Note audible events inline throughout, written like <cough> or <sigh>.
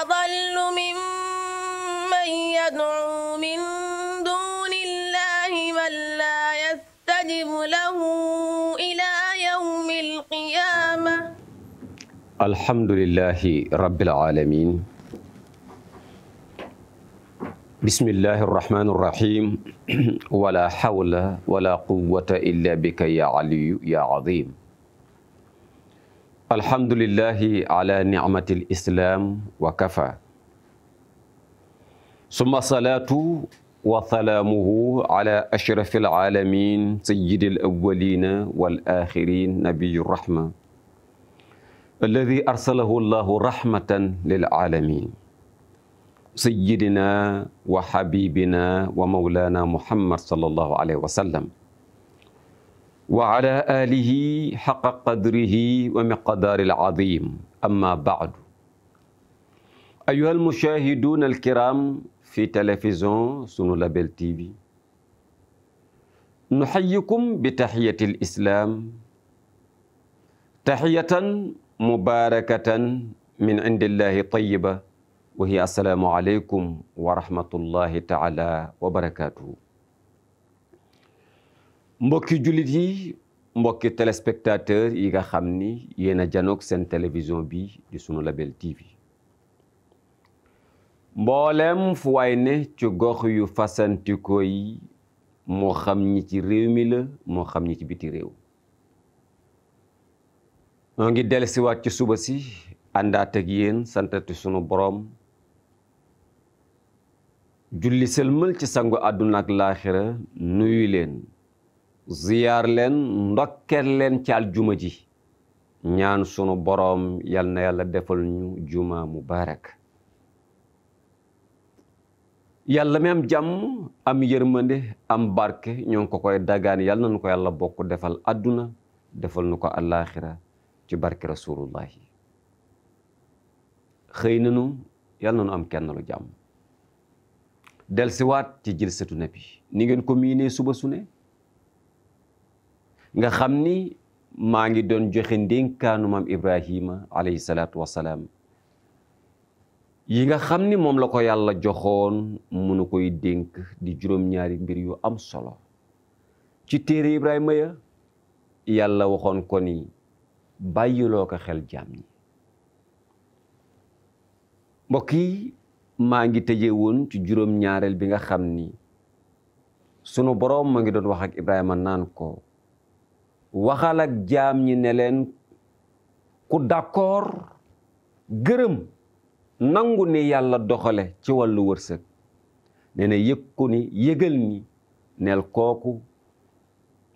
أضل ممن يدعو من دون الله من لا يستجب له إلى يوم القيامة الحمد لله رب العالمين بسم الله الرحمن الرحيم ولا حول ولا قوة إلا بك يا علي يا عظيم alhamdulillahi ala nicmati lislaam wa kafa summa salaatu wa salaamuhu ala ashrafi alaalamin sayidi alawalina walaaxirin nabiyu rahma alladi arsalahu allahu rahmatan lilaalamin sayidina wa xabibina wa maulana muhammad sallallahu alayhi wa sallam wa ala alihi xaqa qadrihi wa miqdaari alazim amma baadu ayuha almushahiduuna alkiram fi télévision sunu label tv nuxayikum bi taxiyati alislam taxiyatan mubarakatan min indillahi tayiba wa hiya assalaamu aleykum wa rahmatullahi taala wa barakatuhu mbokki jullit yi mbokki téléspectateur yi nga xam ni yéen a seen télévision bi di sunu label TV mboolem fu waay ne ci gox yu fasantikoo yi moo xam ñi ci réew mi la moo xam ñi ci biti réew moo ngi dellusiwaat ci suba si àndaat ak yéen santati sunu boroom julli sëlmal ci sangu àdduna ak laaxira nuyu leen ziyaar leen ndokkeel leen ci aljuma ji ñaan sunu boroom yal na yàlla defal ñu juma mubarak yàlla mi am jàmm am yërmande am barke ñoo ngi ko koy dagaan yàlla nañu ko yàlla bokk defal adduna defal nu ko àllaaxira ci barke rasulullahi xëy nanu yàlla nanu am kenn lu jàmm del siwaat ci jilsatu nabi ni ngeen ko miinee suba su nga xam ni maa ngi doon joxe ndénkaanu maam Ibrahima alayhi salaatu wasalaam yi nga xam ni moom la ko yàlla joxoon munu koy dénk di juróom-ñaari mbir yu am solo ci téere Ibrahima ya yàlla waxoon ko ni bàyyiloo ko xel jaam ñi mbokk yi maa ngi tëje woon ci juróom-ñaareel bi nga xam ni sunu boroom ma ngi doon wax ak Ibrahima naan ko waxal ak jaam ñi ne leen ku d'accord gërëm nangu ni yàlla doxale ci wàllu wërsëg nee na yëg ni yëgal ni neel kooku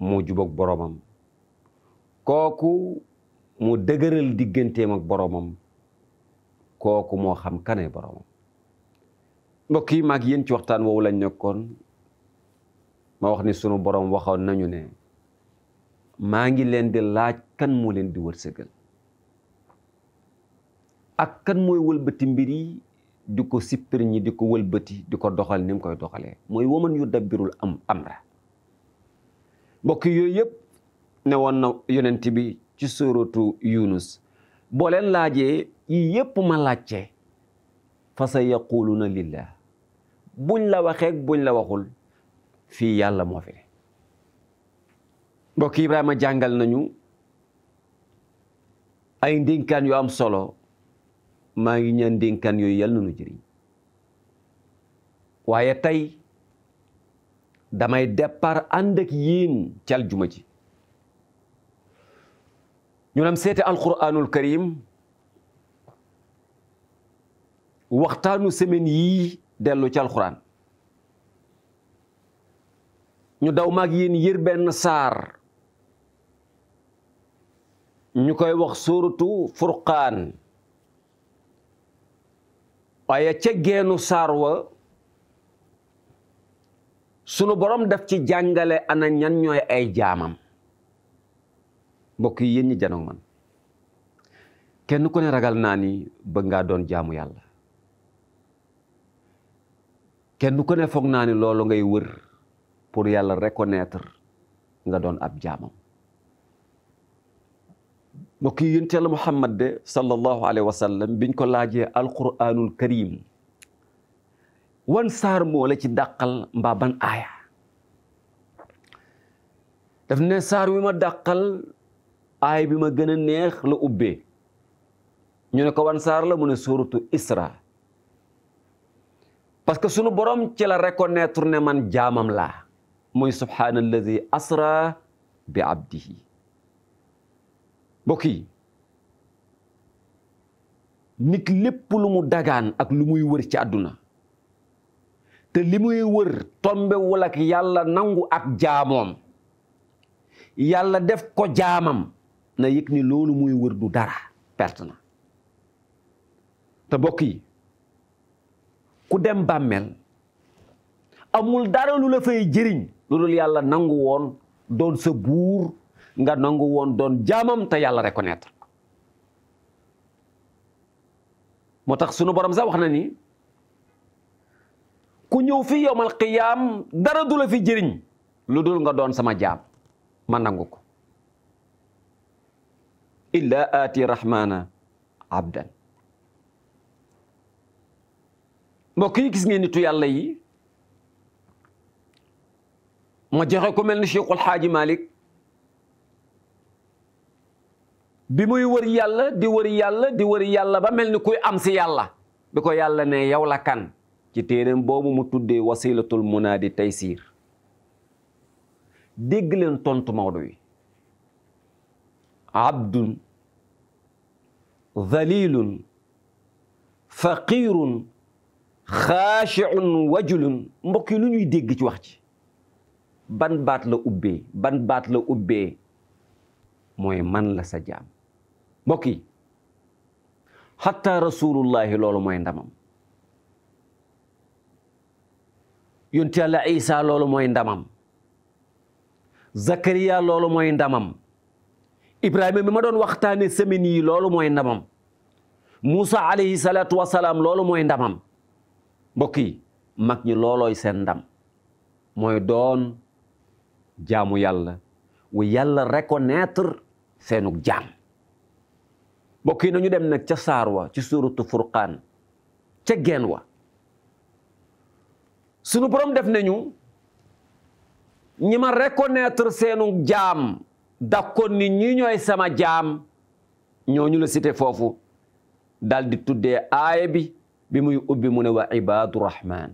moo jubag boroomam kooku mu dëgëral digganteem ak boroomam kooku moo xam kane boroomam mbokk yi maag yéen ci waxtaan woowu lañ nekkoon ma wax ni sunu boroom waxoon nañu ne maa ngi leen di laaj kan moo leen di wërsëgal ak kan mooy wëlbati mbir yi di ko sippir ñi di ko wëlbati di ko doxal nim koy doxalee mooy waman yu dabbirul am amra mbokk yooyu yëpp ne woon na yonent bi ci sóoratu yunus boo leen laajee yi yëpp ma laajte fa sa yaquluuna lillah buñ la waxeek buñ la waxul fii yàlla moo mbokk Ibrahima jàngal nañu ay ndénkaan yu am solo maa ngi ñaan ndénkaan yooyu yal na nu jëriñ waaye tey damay départ ànd ak yéen ci aljuma ji ñu nam seete alquranul karim waxtaanu semaine yii dellu ci alquran ñu daw maag yéen yër benn saar ñu koy wax suuratu furqaan waaye ca geenu saar wa sunu borom daf ci jàngale ana ñan ñooy ay jaamam mbokk yi yéen ñi janoog man kenn ku ne ragal naa ni bëgg ngaa doon jaamu yàlla kenn ku ne foog naa ni loolu ngay wër pour yàlla reconnaître nga doon ab jaamam mbokk yi yonent Yàlla Muhammad de sallallahu alayhi wa sallam biñ ko laajee alquranul karim wan saar moo la ci dàqal mbaa ban aaya daf ne saar wi ma daqal aay bi ma gën a neex la ubbee ñu ne ko wan saar la mu ne suuratu Isra parce que sunu borom ci la reconnaître ne man jaamam laa muy subhaanallazi asra bi abdihi mbokk yi nit lépp lu mu dagaan ak lu muy wër ci àdduna te limuy wër tombewul ak yàlla nangu ak jaamoom yàlla def ko jaamam na yëg ni loolu muy wër du dara perte te mbokk yi ku dem bàmmeel amul dara lu la fay jëriñ lu dul yàlla nangu woon doon sa buur nga nangu woon doon jaamam te yàlla reconnaître moo tax sunu borom sax wax na ni ku ñëw fi yowmal qiyaam dara du fi jëriñ lu dul nga doon sama jaam ma nangu ko illa aati rahmana abdan mbokk yi gis ngeen nitu yàlla yi ma joxe ko mel ni Cheikhul Xaaji Malik bi muy wër yàlla di wër yàlla di war yàlla ba mel ni kuy am si yàlla bi ko yàlla ne yow la kan ci téeréem boobu mu tuddee wasilatul munaadi taysiir dégg leen tontu Maodo yi abdun dalilun faqirun xaashiun wajulun mbokk yi lu ñuy dégg ci wax ci ban baat la ubbee ban baat la ubbee mooy man la sa jaam mbokk yi xatta rasulullahi loolu mooy ndamam yonent yàlla isa loolu mooy ndamam zakariya loolu mooy ndamam ibrahima bi ma doon waxtaane semaine yi loolu mooy ndamam moussa alayhi salaatu wasalaam loolu mooy ndamam mbokk yi mag ñi loolooy seen ndam mooy doon jaamu yàlla wu yàlla reconnaître seenug jaam mbokk yi nañu dem nag ca saar wa ci suuratu furqaan ca geen wa sunu borom def nañu ñi ma reconnaître seenu jaam dakkoon ni ñu ñooy sama jaam ñooñu la cité foofu daldi tuddee aaya bi bi muy ubbi mu ne wa ibaadu rahman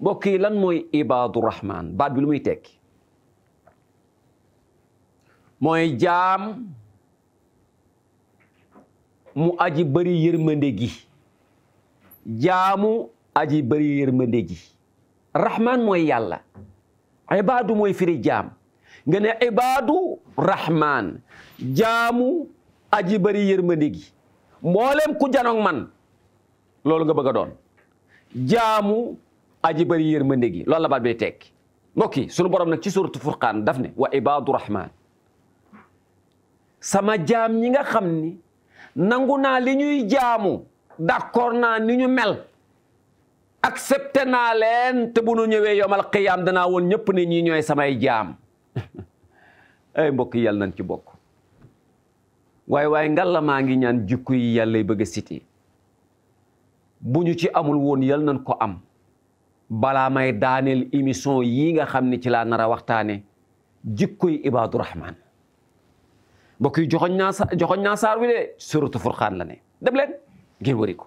mbokk yi lan mooy ibaadu rahman baat lu muy tekki mooy jaam mu aji bari yërmande gi jaamu aji bëri yërmande gi rahman mooy yàlla ibaadu mooy firi jaam nga ne ibaadu rahman jaamu aji bari yërmande gi mboolem ku janoog man loolu nga bëgg a doon jaamu aji bëri yërmande gi loolu la baat bay tekki mbokk yi sunu borom nag ci suuratu furqaan daf ne wa ibaadu rahman sama jaam ñi nga ni nangu naa li ñuy jaamu d'accord naa ni ñu mel accepté naa leen te bu nu ñëwee yomal qiyaam danaa woon ñëpp ne ñi ñooy samay jaam <laughs> ay mbokk yal yàlla ci bokk waaye waaye ngalla maa ngi ñaan jikko yi yàllay bëgg a cité bu ñu ci amul woon yal nañ ko am balaa may daaneel émission yi nga xam ni ci laa nar a waxtaane jikkoy ibaadu rahmaan mbokk yi joxoñ naa sa joxoñ naa saar wi de suratu furqaan la ne dem leen ngeen ko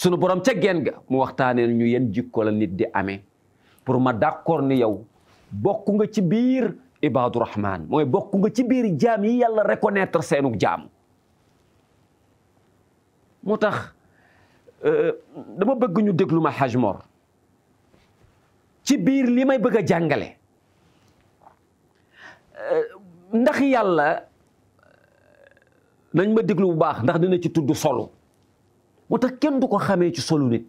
sunu borom ca geen ga mu waxtaanee ñu yen jikko la nit di amee pour ma d'accord ni yow bokku nga ci biir ibaadu rahman mooy bokku nga ci biir jaam yi yàlla reconnaître seenug jaam moo tax euh, dama bëgg ñu déglu ma Haj Mor ci biir li may bëgg a jàngale euh, ndax yàlla nañ ma déglu bu baax ndax dina ci tudd solo moo tax kenn du ko xamee ci solu nit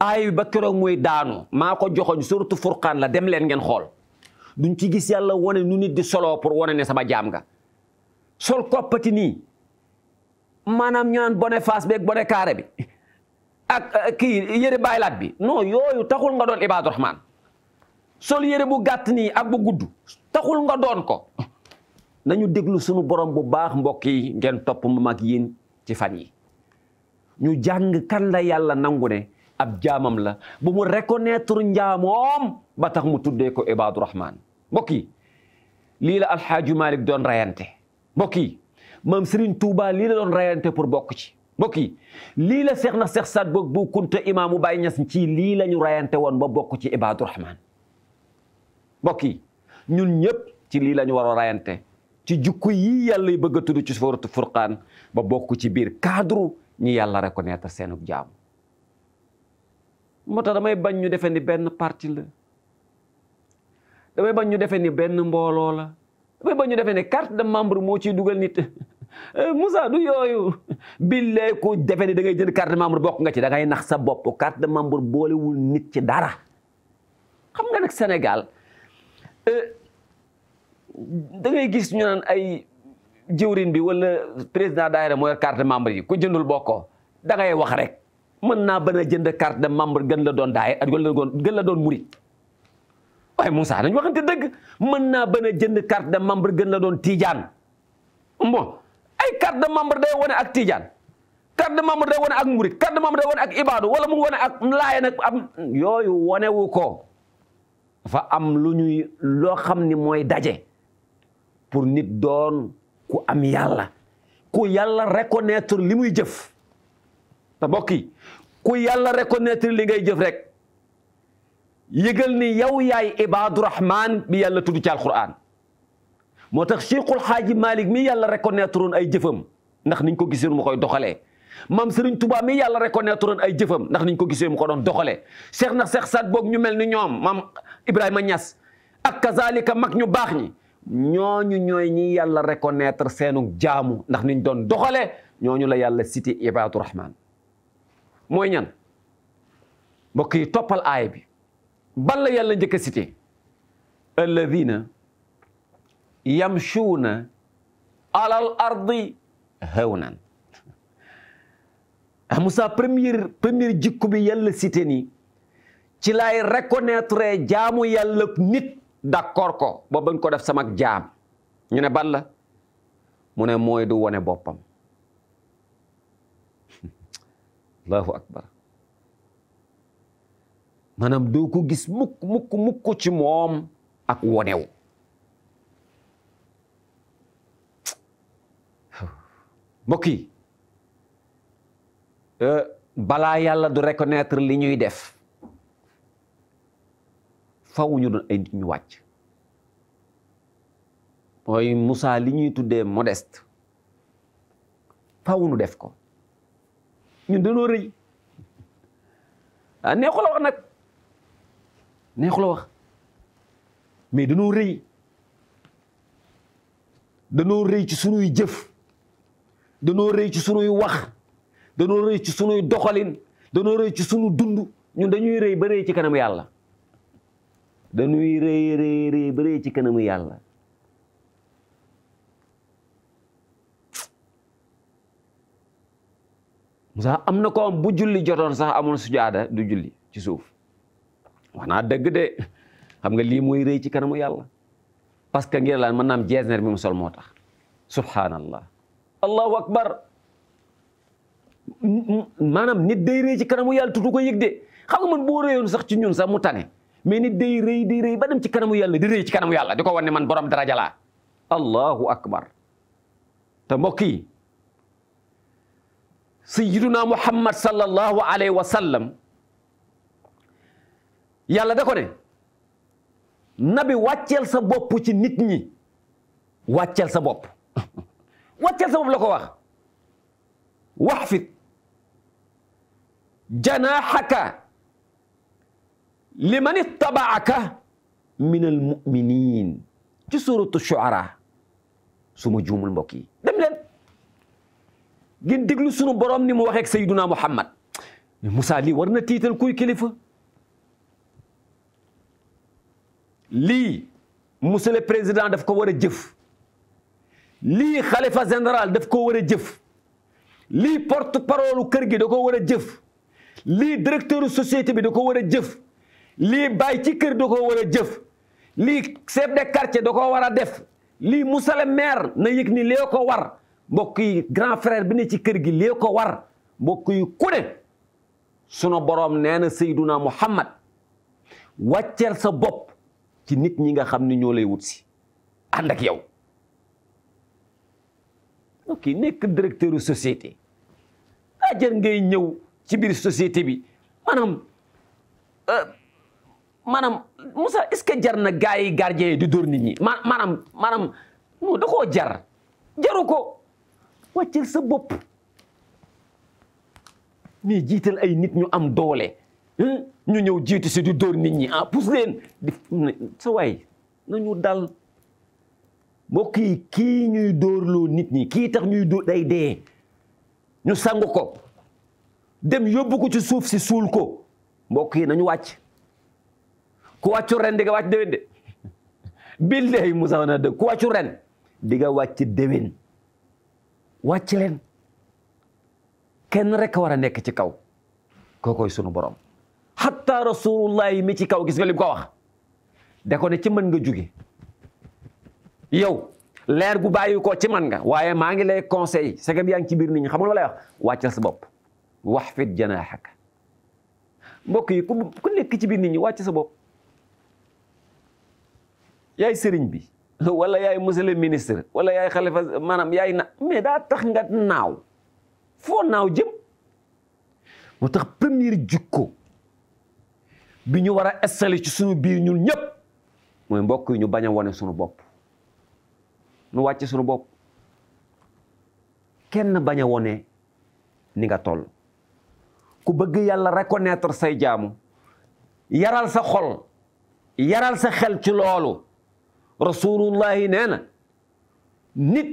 aay ba keroog muy daanu maa ko joxoñ surtout furqaan la dem leen ngeen xool duñ ci gis yàlla wone nu nit di solo pour wane ne sama jaam nga sol koppati nii maanaam ñu naan bone face beeg bone kaare bi ak euh, ki yëre baylaat bi non yooyu taxul nga doon ibaadu rahmaan sol yëre bu gàtt nii ak bu gudd taxul nga doon ko nañu déglu sunu borom bu baax mbokk yi ngeen topp ma mag yéen ci fan yi ñu jàng kan la yàlla nangu ne ab jaamam la bu mu reconnaître njaamoom ba tax mu tuddee ko ibaadu rahmaan mbokk yi lii la alxaaji Malik doon rayante mbokk yi maam Serigne Touba lii la doon rayante pour bokk ci mbokk yi lii la seex na seex saat boog bu kunta Ñas ci lii la ñu rayante woon ba bokk ci ibaadu mbokk yi ñun ñëpp ci lii la ñu war a rayante ci jukko yi yàlla yi bëgg a tudd ci suuratu kaan ba bokk ci biir cadre ñi yàlla reconnaître seenug jaamu moo tax damay bañ ñu defee ni benn parti la damay bañ ñu defee ni benn mbooloo la damay bañ ñu defee ni carte de membre moo ciy dugal nit <laughs> Moussa du yooyu billaay ku defee ni da ngay jënd carte membre bokk nga ci da ngay nax sa bopp carte de membre boolewul nit ci dara xam nga nag senegal euh, da ngay gis ñu ay jëwrin bi wala président daayira mooy carte membre yi ku jëndul bokkoo da ngay wax rek mën naa bën a jënd carte de membre gën la doon daay ak wala gën la doon murit waaye Moussa dañ waxante dëgg mën naa bën jënd carte de membre gën la doon tiijan bon ay carte de membre day wane ak tiijan carte de membre day wane ak murit carte de membre day wane ak ibaadu wala mu wane ak laayeen ak am yooyu wanewu ko fa am lu ñuy loo xam ni mooy daje pour nit doon ku am yàlla ku yàlla reconnaître li muy jëf te mbokk yi ku yàlla reconnaître li ngay jëf rek yëgal ni yow yaay ibaadu rahman bi yàlla tudd ci alquran moo tax cheikhul xaaji malik mi yàlla reconnaître woon ay jëfam ndax niñ ko gisee mu koy doxalee maam Serigne Touba mi yàlla reconnaître woon ay jëfam ndax niñ ko gisee mu ko doon doxalee cheikh na cheikh Saad boog ñu mel ni ñoom maam Ibrahima Niass ak kazalika mag ñu baax ñi ñooñu ñooy ñi yàlla reconnaître seenu jaamu ndax niñ doon doxale ñooñu la yàlla cité ibaadu rahman mooy ñan mbokk yi toppal aaya bi ban la yàlla njëkk a cité alladina yamchuuna alal ardi hawnan ah Moussa première première jikko bi yàlla cité nii ci lay reconnaître jaamu yàlla nit d'accord ko ba bañ ko def sama jaam ñu ne ban la mu ne mooy du wone boppam <laughs> allahu akbar maanaam doo ko gis mukk mukk mukk ci moom ak wonew <sighs> mbokk yi euh, balaa yàlla du reconnaître li ñuy def faw ñu doon ay nit ñu wàcc mooy Moussa li ñuy tuddee modeste faw nu def ko ñun dañoo rëy ah neexu la nag neexu la wax mais danoo rëy dañoo rëy ci jëf danoo rëy ci sunuy wax danoo rëy ci sunuy doxalin dañoo rëy ci sunu dund ñun dañuy rëy ba rëy ci kanam yàlla dañuy rëy rëy rëy ba rëy ci kanamu yàlla sax am na ko bu julli jotoon sax amul sujaada du julli ci suuf wax naa dëgg de xam nga lii mooy rëy ci kanamu yàlla parce que ngir laan mën naa am jeesneer mu sol moo tax subhanallah allahu akbar maanaam nit day rëy ci kanamu yàlla tutu ko yëg de xam nga man boo rëyoon sax ci ñun sax mu tane mais nit day rëy day ba dem ci kanamu yàlla di ci kanamu yàlla di ko wan ne man borom daraja laa allahu akbar te mbokk yi sayyiduna muhammad sallallahu alayhi wa sallam yàlla da ko ne nabi wàcceel sa bopp ci nit ñi wàcceel sa bopp <laughs> wàcceel sa bopp la ko wax wax fit liman ittabaaka min al muminin ci suratu shuara su ma juumul mbokk yi dem leen ngeen déglu sunu borom ni mu waxeek sayyiduna muhammad Moussa lii war na tiital kuy kilifa lii monsieur le président daf ko war a jëf lii xalifa général daf ko war a jëf lii porte parole kër gi da ko war a jëf lii directeur société bi da ko war a jëf lii baay ci kër da koo war a jëf lii chef de da koo war a def lii musale maire na yëg ni lee ko war mbokk yi grand frère bi ne ci kër gi lee ko war mbokk yi ku ne sunu boroom nee na Seyduna Muhammad wàcceel sa bopp ci nit ñi nga xam ni ñoo lay wut si ànd ak yow ok nekk directeur société daa jër ngay ñëw ci biir société bi maanaam euh, maanaam Moussa est-ce que jar na gars yi gardien yi di dóor nit ñi ma maanaam maanaam non jar jaru ko wàccel sa bopp mais jiital ay nit ñu am doole ñu ñëw jiitu si di dóor nit ñi ah pousse leen di sa waay dal mbokk yi kii ñuy dóorloo nit ñi kii tax ñuy dóor day dee ñu sangu ko dem yóbbu ko ci suuf si suul ko mbokk yi nañu wàcc ku wàccu ren di nga wàcc déwén de billahi Moussa wana di nga wàcc déwén wàcc leen kenn rek war a nekk ci kaw kookoy sunu borom hatta rasulullahi mi ci kaw gis nga li ko wax da ko ne ci mën nga jóge yow leer gu bàyyi ko ci man nga waaye maa ngi lay conseil segam yaa ngi ci biir nit ñi xamul ma lay wax wàccal sa bopp wax fit janaaxak mbokk yi ku nekk ci biir ni ñi wàcc sa bopp yaay sëriñ bi <laughs> wala yaay monsieur le ministre wala yaay xalifa maanaam yaay na mais daa tax nga naaw foo naaw jëm mu tax première jikko bi ñu war a installé ci suñu biir ñun ñëpp mooy mbokk yi ñu bañ a wane suñu bopp nu wàcce sunu bopp kenn bañ a wone ni nga toll ku bëgg yàlla reconnaître say jaamu yaral sa xol yaral sa xel ci loolu rasulullahi nee na nit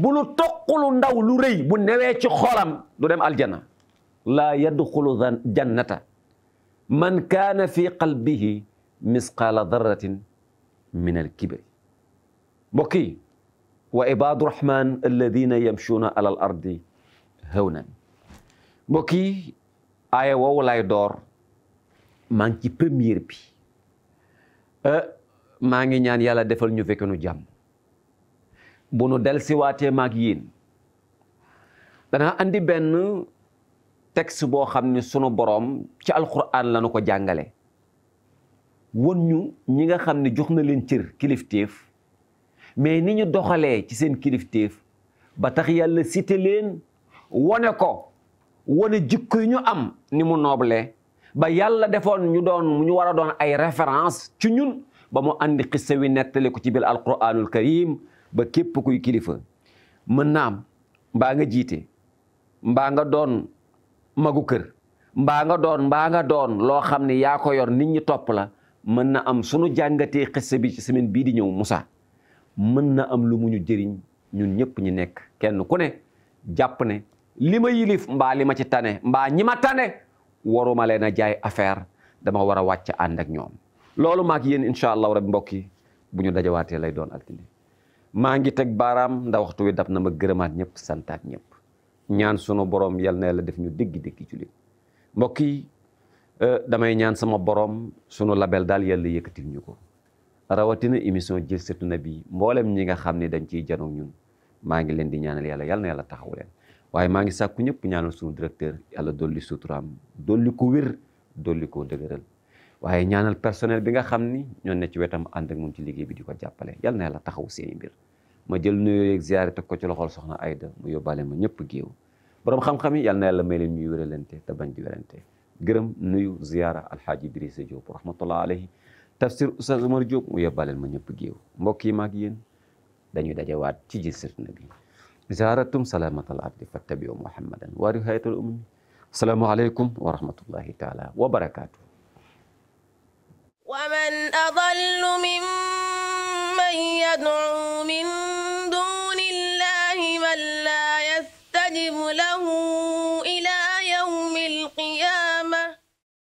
bu lu toqulu ndaw lu rëy bu newee ci xolam du dem aljanna laa yadxulu jannata man kaana fi qalbihi misqaala darratin min alkibri mbokk yi wa ibaadu rahman alladina yamshuuna ala al ardi hawnan mbokk yi aaya woowu lay door maa ngi ci première bi euh, maa ngi ñaan yàlla defal ñu fekkenu jàmm bu nu del siwaatee maag yéen danaa andi benn texte boo xam ne sunu boroom ci alquran la nu ko jàngale won ñu ñi nga xam ne jox na leen cër kilifteef mais ni ñu doxalee ci seen kilifteef ba tax yàlla cité leen wone ko wone jikko ñu am ni mu noble ba yàlla defoon ñu doon ñu war doon ay référence ci ñun ba mu andi xissa wi nettali ko ci biir alquranul karim ba képp kuy kilifa mën am mbaa nga jiite mbaa nga doon magu kër mbaa nga doon mbaa nga doon loo xam ne yaa ko yor nit ñi topp la mën na am sunu jàngatee xissa bi ci semaine bii di ñëw Moussa mën na am lu mu ñu jëriñ ñun ñëpp ñu nekk kenn ku ne jàpp ne li ma yilif mbaa li ma ci tane mbaa ñi ma tane waruma leen a jaay affaire dama war a wàcc ànd ak ñoom loolu maak yéen incha allahu rabi mbokk yi bu ñu dajawaatee lay doon altine maa ngi teg baaraam ndax waxtu wi dab na ma gërëmaat ñëpp santaat ñëpp ñaan sunu borom yal na yàlla def ñu dégg-dégg jullit mbokk yi euh, damay ñaan sama borom sunu label daal yàlla yëkkatil ñu ko rawatina émission Jilsatu Nabi mboolem ñi nga xam ne dañ ciy janoog ñun maa ngi leen di ñaanal yàlla yal na yàlla taxawu leen waaye maa ngi sàkku ñëpp ñaanal sunu directeur yàlla dolli suuturaam dolli ko wér dolli waaye ñaanal personnel bi nga xam ni ñoo ne ci wetam ànd ak moom ci liggéey bi di ko jàppale yal na yàlla taxaw seeni mbir ma jël nuyoo yeeg ziyaare teg ko ci loxol soxna Ayda mu yóbbaale ma ñëpp géew borom xam-xam yi yal na yàlla may leen ñuy wéralante te bañ di wérante gërëm nuyu ziyaara alxaaji Idrissa Diop rahmatullah alayhi tafsir Oustaz Oumar Diop mu yóbbaaleel ma ñëpp géew mbokk yi maag yéen dañuy dajewaat ci ji sirna bi zaaratum salamatal abdi fattabiu muhammadan wa rihayatul ummi asalaamu aleykum wa rahmatullahi taala wa barakaatu ومن أضل ممن يدعو من دون الله من لا يستجب له